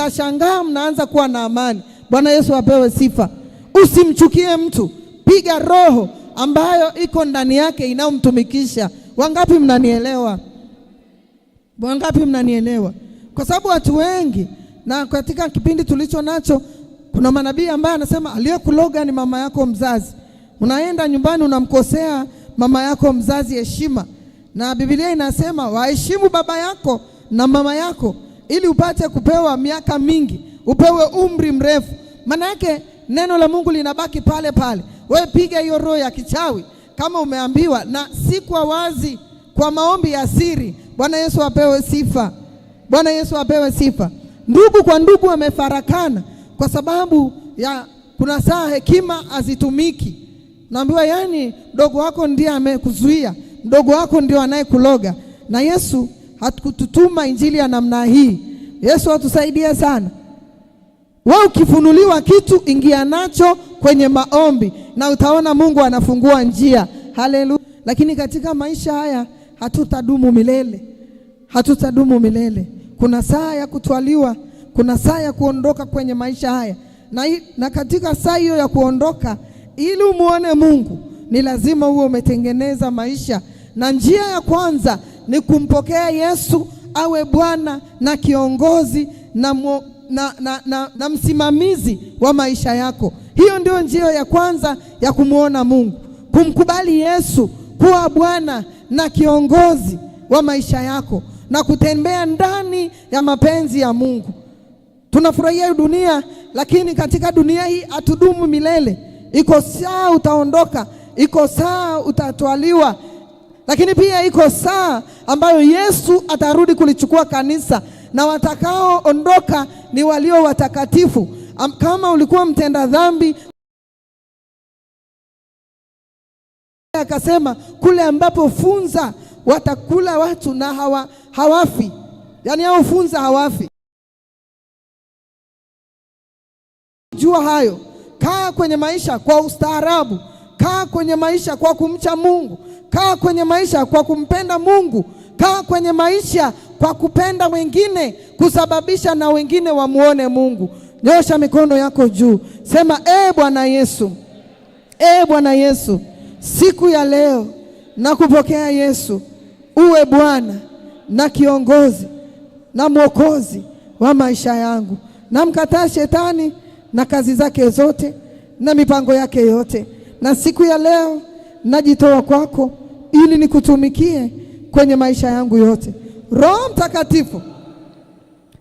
mtashangaa mnaanza kuwa na amani. Bwana Yesu apewe sifa. Usimchukie mtu, piga roho ambayo iko ndani yake inayomtumikisha. Wangapi mnanielewa? Wangapi mnanielewa? Kwa sababu watu wengi, na katika kipindi tulicho nacho, kuna manabii ambaye anasema aliyekuloga ni mama yako mzazi. Unaenda nyumbani unamkosea mama yako mzazi heshima, na Biblia inasema waheshimu baba yako na mama yako ili upate kupewa miaka mingi, upewe umri mrefu. Maana yake neno la Mungu linabaki pale pale. Wewe piga hiyo roho ya kichawi kama umeambiwa, na si kwa wazi, kwa maombi ya siri. Bwana Yesu apewe sifa, Bwana Yesu apewe sifa. Ndugu kwa ndugu wamefarakana kwa sababu ya kuna saa hekima hazitumiki. Naambiwa yani, mdogo wako ndiye amekuzuia, mdogo wako ndio anayekuloga na Yesu hatukututuma injili ya namna hii. Yesu atusaidie sana. Wewe ukifunuliwa kitu, ingia nacho kwenye maombi na utaona Mungu anafungua njia. Haleluya! Lakini katika maisha haya hatutadumu milele, hatutadumu milele. Kuna saa ya kutwaliwa, kuna saa ya kuondoka kwenye maisha haya na, na katika saa hiyo ya kuondoka, ili umwone Mungu ni lazima uwe umetengeneza maisha, na njia ya kwanza ni kumpokea Yesu awe Bwana na kiongozi na, mo, na, na, na, na msimamizi wa maisha yako. Hiyo ndio njia ya kwanza ya kumwona Mungu, kumkubali Yesu kuwa Bwana na kiongozi wa maisha yako na kutembea ndani ya mapenzi ya Mungu. Tunafurahia dunia, lakini katika dunia hii hatudumu milele. Iko saa utaondoka, iko saa utatwaliwa. Lakini pia iko saa ambayo Yesu atarudi kulichukua kanisa, na watakaoondoka ni walio watakatifu. Kama ulikuwa mtenda dhambi, akasema kule ambapo funza watakula watu na hawa, hawafi, yaani hao funza hawafi. Jua hayo, kaa kwenye maisha kwa ustaarabu. Kaa kwenye maisha kwa kumcha Mungu, kaa kwenye maisha kwa kumpenda Mungu, kaa kwenye maisha kwa kupenda wengine, kusababisha na wengine wamuone Mungu. Nyosha mikono yako juu, sema e Bwana Yesu, e Bwana Yesu, siku ya leo nakupokea Yesu, uwe Bwana na kiongozi na mwokozi wa maisha yangu. Namkataa shetani na kazi zake zote na mipango yake yote na siku ya leo najitoa kwako ili nikutumikie kwenye maisha yangu yote. Roho Mtakatifu,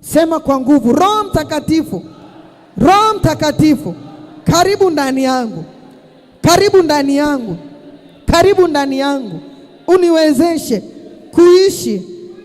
sema kwa nguvu, Roho Mtakatifu, Roho Mtakatifu, karibu ndani yangu, karibu ndani yangu, karibu ndani yangu, uniwezeshe kuishi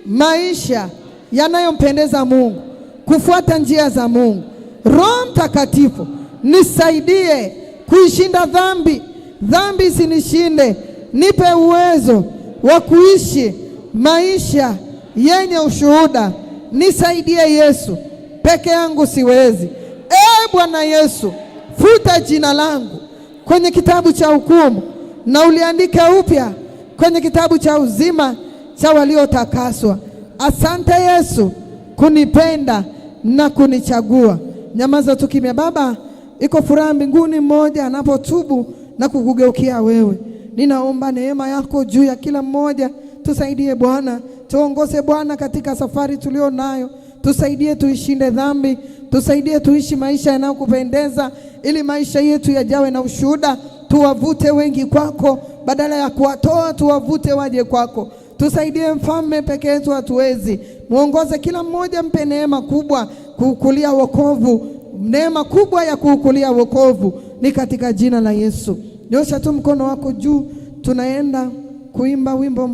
maisha yanayompendeza Mungu, kufuata njia za Mungu. Roho Mtakatifu, nisaidie kuishinda dhambi, dhambi sinishinde, Nipe uwezo wa kuishi maisha yenye ushuhuda. Nisaidie Yesu, peke yangu siwezi. Ee Bwana Yesu, futa jina langu kwenye kitabu cha hukumu na uliandike upya kwenye kitabu cha uzima cha waliotakaswa. Asante Yesu kunipenda na kunichagua. Nyamaza tu kimya, Baba. Iko furaha mbinguni mmoja anapotubu na kukugeukia wewe. Ninaomba neema yako juu ya kila mmoja, tusaidie Bwana, tuongoze Bwana katika safari tulio nayo, tusaidie tuishinde dhambi, tusaidie tuishi maisha yanayokupendeza, ili maisha yetu yajawe na ushuhuda, tuwavute wengi kwako, badala ya kuwatoa tuwavute waje kwako. Tusaidie Mfalme, peke yetu hatuwezi. Muongoze kila mmoja, mpe neema kubwa kukulia wokovu neema kubwa ya kuukulia wokovu ni katika jina la Yesu. Nyosha tu mkono wako juu, tunaenda kuimba wimbo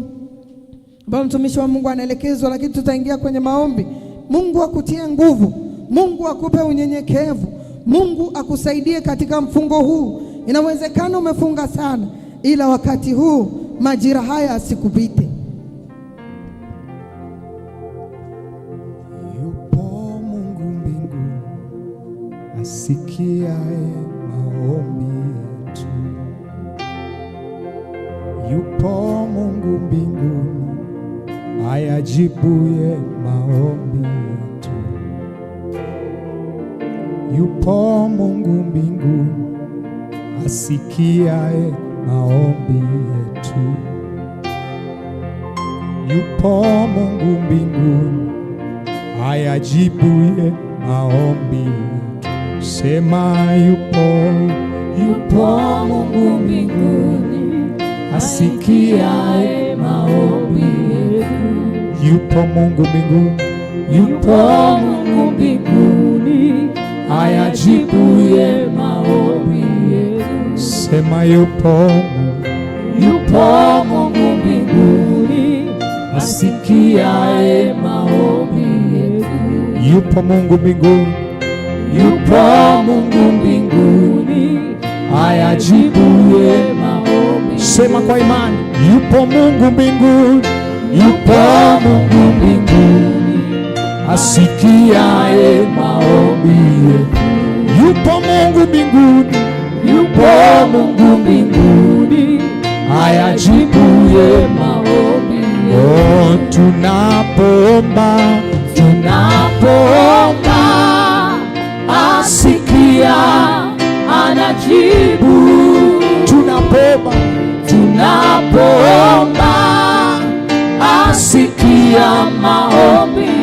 ambao mtumishi wa Mungu anaelekezwa, lakini tutaingia kwenye maombi. Mungu akutie nguvu, Mungu akupe unyenyekevu, Mungu akusaidie katika mfungo huu. Inawezekana umefunga sana, ila wakati huu majira haya asikupite. asikiaye maombi yetu. Yupo Mungu mbinguni ayajibuye maombi yetu. Yupo Mungu mbinguni asikiaye maombi yetu. Yupo Mungu mbinguni ayajibuye maombi Semai é o pom e o pomo gumiguni Asikia e maobi E o pomo gumiguni E o pomo gumiguni Ayajibu e maobi Semai o pomo e o pomo gumiguni Asikia e maobi E o pomo gumiguni e o pomungunginguni ayajibuema sema kwa imani yupo Mungu mbinguni yupo e o asikiaye maombi yetu yupo Mungu mbinguni yupo Mungu mbinguni ayajibuye maombi oh, na tunapoomba Unapoomba asikia maombi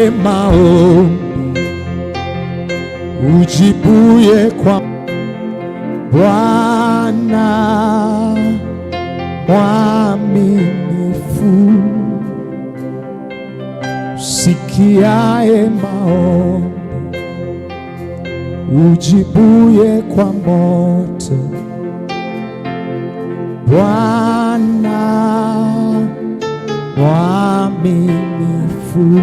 kwenye maombi, ujibuye kwa Bwana mwaminifu, usikiaye maombi, ujibuye kwa moto Bwana mwaminifu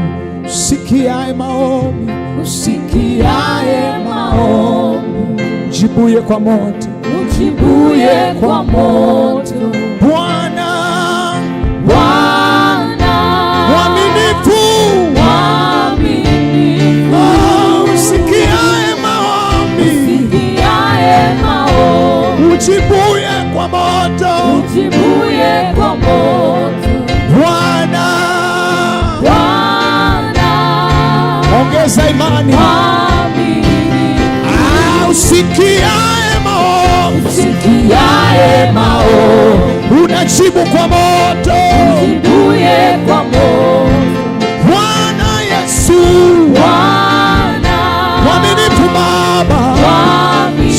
sikiae maombi, usikiae maombi, jibuye kwa moto, ujibuye kwa moto. Bwana Bwana mwaminifu, mwaminifu, oh, usikiae maombi, usikiae maombi, ujibuye kwa moto, ujibuye kwa moto. Jibu kwa moto, mzindue kwa moto. Bwana Yesu, Bwana mwaminifu Baba,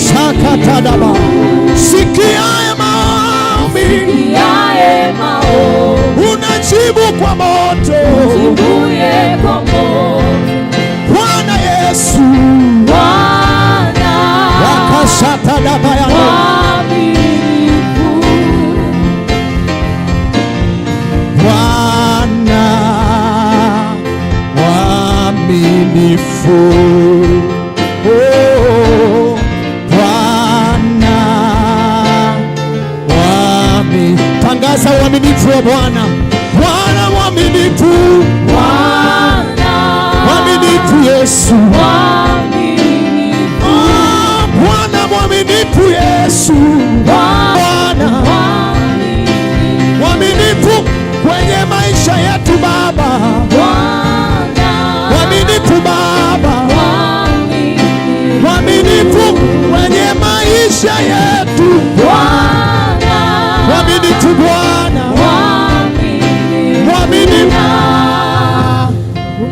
sakatadaba sikiaye maombi, unajibu kwa moto Oh, tangaza uaminifu wa Bwana. Bwana mwaminifu, Bwana mwaminifu, Yesu ah, Bwana mwaminifu, Yesu Bwana maisha yetu mwamini tu Bwana,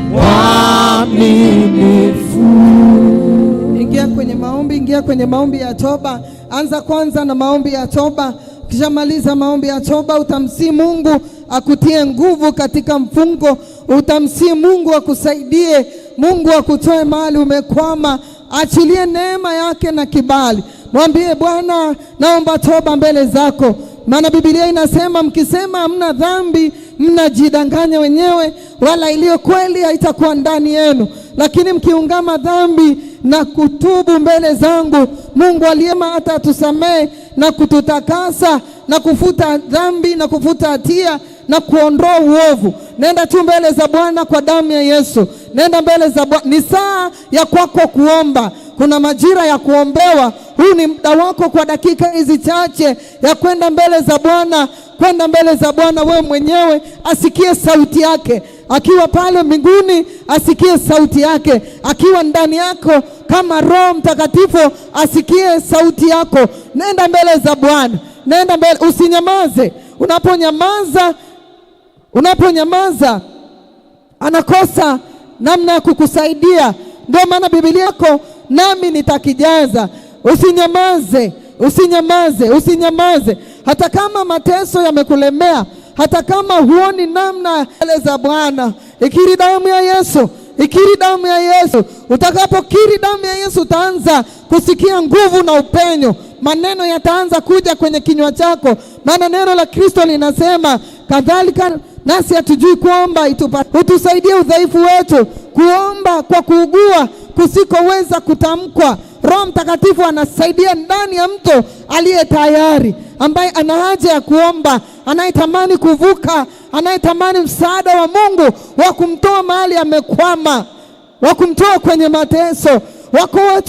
mwamini mwaminifu. Ingia kwenye maombi, ingia kwenye maombi ya toba. Anza kwanza na maombi ya toba. Ukishamaliza maombi ya toba, utamsii Mungu akutie nguvu katika mfungo, utamsii Mungu akusaidie, Mungu akutoe mahali umekwama, achilie neema yake na kibali mwambie Bwana, naomba toba mbele zako, maana Biblia inasema mkisema hamna dhambi mnajidanganya wenyewe, wala iliyo kweli haitakuwa ndani yenu. Lakini mkiungama dhambi na kutubu mbele zangu, Mungu aliyema hata atusamee na kututakasa na kufuta dhambi na kufuta hatia na kuondoa uovu. Nenda tu mbele za Bwana kwa damu ya Yesu, nenda mbele za Bwana. Ni saa ya kwako kuomba kuna majira ya kuombewa. Huu ni muda wako kwa dakika hizi chache ya kwenda mbele za Bwana, kwenda mbele za Bwana wewe mwenyewe, asikie sauti yake akiwa pale mbinguni, asikie sauti yake akiwa ndani yako kama Roho Mtakatifu asikie sauti yako. Nenda mbele za Bwana, nenda mbele, usinyamaze. Unaponyamaza, unaponyamaza anakosa namna ya kukusaidia. Ndio maana Biblia yako nami nitakijaza. Usinyamaze, usinyamaze, usinyamaze. Hata kama mateso yamekulemea, hata kama huoni namna ele za Bwana, ikiri damu ya Yesu, ikiri damu ya Yesu. Utakapokiri damu ya Yesu, utaanza kusikia nguvu na upenyo, maneno yataanza kuja kwenye kinywa chako, maana neno la Kristo linasema kadhalika nasi hatujui kuomba, utusaidie udhaifu wetu, kuomba kwa kuugua kusikoweza kutamkwa. Roho Mtakatifu anasaidia ndani ya mto aliye tayari, ambaye ana haja ya kuomba, anayetamani kuvuka, anayetamani msaada wa Mungu wa kumtoa mahali amekwama, wa kumtoa kwenye mateso wako